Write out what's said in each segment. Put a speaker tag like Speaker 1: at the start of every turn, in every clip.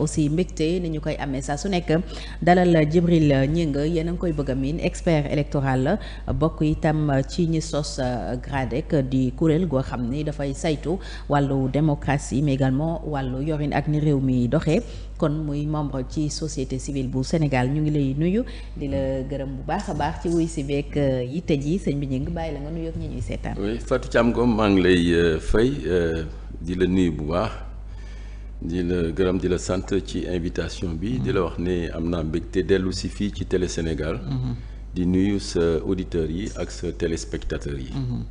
Speaker 1: aussi mbégte ni ñu koy amee saa su nekk dalal Djibril Gningue yéen a ngi koy bëgg a miin expert électoral la bokk itam ci ñu sos euh, GRADEC di kuréel goo xam ni dafay saytu wàllu démocratie mais également wàllu yorin ak ni réew mi doxee kon muy membre ci société civile bu Sénégal ñu ngi lay nuyu di la gërëm bu baax a baax ci wuy si beeg euh, yitte ji sëñ bi ñu ngi bàyyi la nga nuyu ak ñi ñuy seetaan.
Speaker 2: oui Fatou Thiam Ngom maa ngi lay euh, fay di la nuyu bu baax. di gërëm di la sant ci invitation bi. di la wax ne am na mbégte te dellusi fii ci Télé Sénégal. Mm-hmm. di nuyu sa auditeurs yi ak sa téléspectateurs yi.
Speaker 1: Mm-hmm.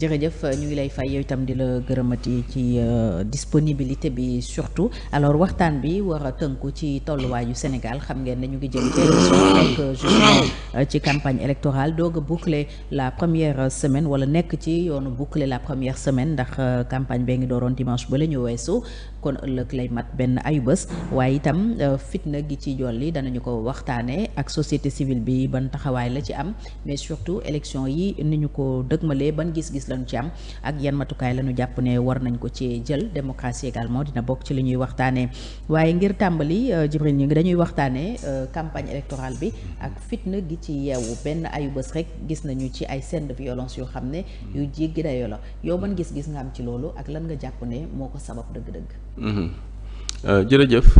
Speaker 1: jërëjëf euh, ñu ngi lay fay yow itam di la gërëmati ci euh, disponibilité bi surtout alors waxtaan bi war a tënku ci tolluwaayu Sénégal xam ngeen ne ñu ngi jëm ci euh, campagne électorale doog a la première semaine wala nekk ci yoonu boucler la première semaine ndax campagne bee ngi dooroon dimanche ba la ñu weesu kon ëllëg lay mat benn ayubés waaye itam fitna gi ci jolli danañu ko waxtaanee ak société civile bi ban taxawaay la ci am mais surtout élection lañu ci am ak yan matukaay lañu jàpp ne war nañ ko ci jël démocratie également dina bokk ci li ñuy waxtaanee waaye ngir tàmbali euh, Jibril ñi dañuy waxtaanee euh, campagne électorale bi ak fitna gi ci yeewu benn ayubés rek gis nañu ci ay scène de violence yoo xam ne yu jéggi dayoo la yow ban gis-gis nga am ci loolu ak lan nga jàpp ne moo ko sabab dëgg-dëgg
Speaker 2: mm-hmm. euh, jërëjëf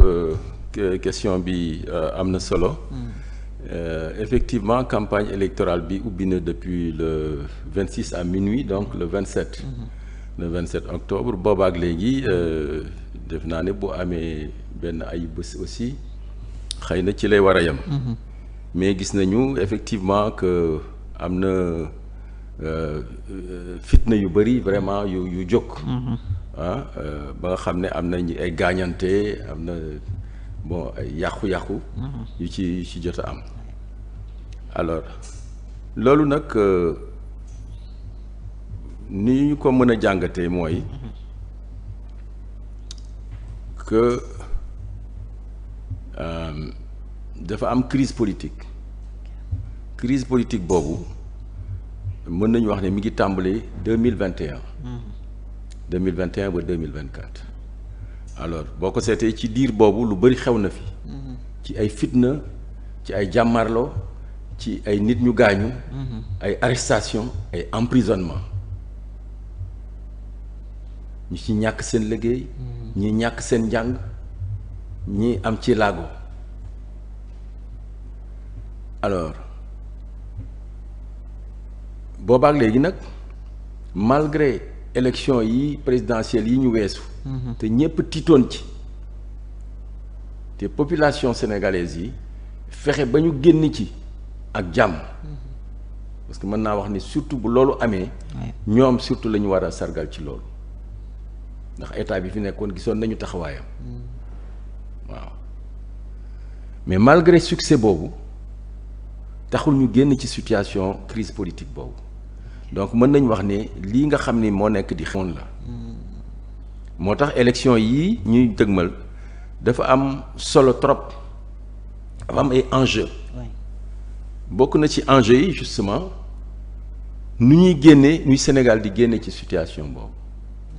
Speaker 2: question bi am na solo mm. Euh, effectivement campagne électorale bi ubbi na depuis le vingt 26 à minuit donc le vingt Mm -hmm. le 27 octobre boobaak léegi euh, def naa ne bu amee benn ay bés aussi xëy na ci lay war a yem. Mhm. mais gis nañu effectivement que am na euh, euh fitna yu bëri vraiment yu yu jóg. Mhm. Ah, euh, ba nga xam ne am nañu ay gaañante am na. bon ay yàqu-yàqu yu ci yu ci jot a am alors loolu nag euh, ni ñu ko mën a jàngatee mooy que euh, dafa am crise politique crise politique boobu mën nañu wax ne mi ngi tàmbali deux mille vingt et un mm-hmm. deux mille vingt et un ba vingt quatre alors boo ko seetee ci diir boobu lu bari xew na fi. Mhm. ci ay fitna ci ay jàmmarlo ci ay nit ñu gaañu. Mhm. ay arrestation ay emprisonnement ñu ci ñàkk seen liggéey. Mhm. ñi ñàkk seen njàng. ñi am ci laago alors boobaak léegi nag malgré. élection yi présidentielle yi ñu weesu te ñépp tiitoon ci te population sénégalaise yi fexe ba ñu génn ci ak jàmm parce que mën naa wax ni surtout bu loolu amee ñoom surtout la ñu war a sargal ci loolu ndax état bi fi nekkoon gisoon nañu taxawaayam waaw mais malgré succès boobu taxul ñu génn ci situation crise politique boobu donc mën nañ wax ne lii nga xam ni moo nekk di xewoon la moo tax élection yii ñuy dëgmal dafa am solo trop dafa am ay enjeu bokk na ci enjeu yi justement nu ñuy génnee ñuy Sénégal di génne ci situation boobu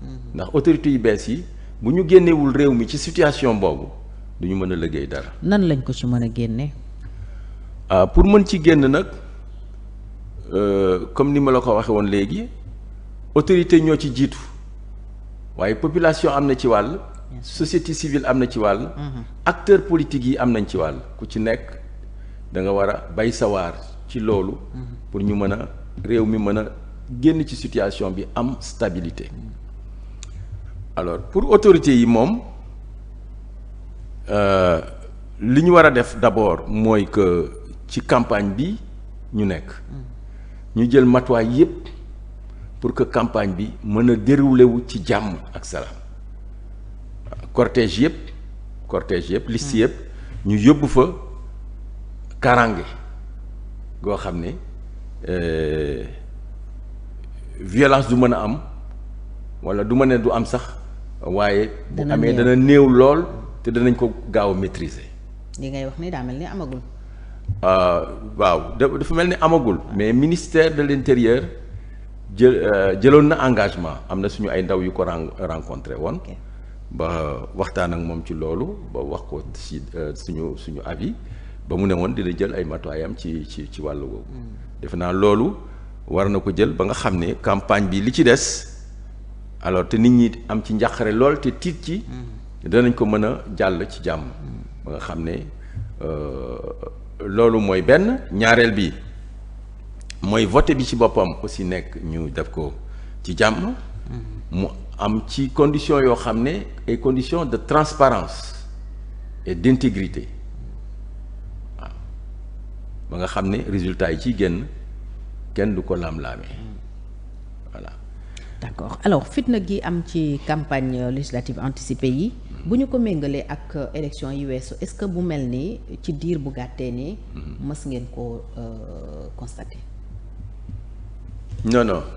Speaker 2: mm-hmm. ndax autorités yu bees yi bu ñu génnewul réew mi ci situation boobu du ñu mën a liggéey dara.
Speaker 1: nan lañ ko ci mën a génne.
Speaker 2: ah pour mën ci génn nag. Euh, comme ni ma la ko waxee woon léegi autorité ñoo ci jiitu waaye population am na ci wàll société civile am na ci wàll mhm. acteur politique yi am nañ ci wàll ku ci nekk da nga war a bay sawar ci loolu mhm. pour ñu mën a réew mi mën a génn ci situation bi am stabilité alors pour autorité yi moom euh, li ñu war a def d'abord mooy que ci campagne bi ñu nekk mhm. ñu jël matuwaay yépp pour que campagne bi mën a déroulé wu ci jàmm ak salaam cortège yépp cortège yépp liste yépp ñu yóbbu fa karange goo xam ne euh, violence du mën a am wala du ma ne du am sax waaye bu amee dana néew lool te danañ ko gaaw a maîtriser
Speaker 1: li ngay wax nii daa mel ni amagul
Speaker 2: waaw dafa mel ni amagul mais ministère de l'intérieur jël euh, jëloon na engagement am na suñu ay ndaw yu ko rencontré woon ba waxtaan ak moom ci loolu ba wax ko ci euh, suñu suñu yi ba mu ne woon dina jël ay matuwaayam ci ci ci wàllu boobu hmm. defe naa loolu war na ko jël ba nga xam ne campagne bi li ci des alors te nit ñi am ci njàqare lool te tiit ci hmm. danañ ko mën a jàll ci jàmm hmm. ba nga xam ne euh, loolu mooy benn ñaareel bi mooy vote bi ci boppam aussi nekk ñu def ko ci jàmm mu am ci conditions yoo xam ne ay conditions de transparence et d'intégrité waaw ba nga xam ne résultat yi ci génn kenn du ko laam-laamee voilà d'accord
Speaker 1: alors fitna gi am ci campagne législative anticipée yi bu ñu ko méngalee ak euh, élection yi weesu est-ce que bu mel nii ci diir bu gàttee ni mm-hmm. mës ngeen ko euh, constaté.
Speaker 2: non non